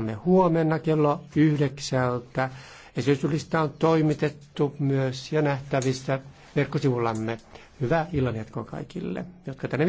me huomenna kello yhdeksältä. Esityslista on toimitettu myös ja nähtävissä verkkosivullamme. Hyvää illanjatkoa kaikille, jotka tänne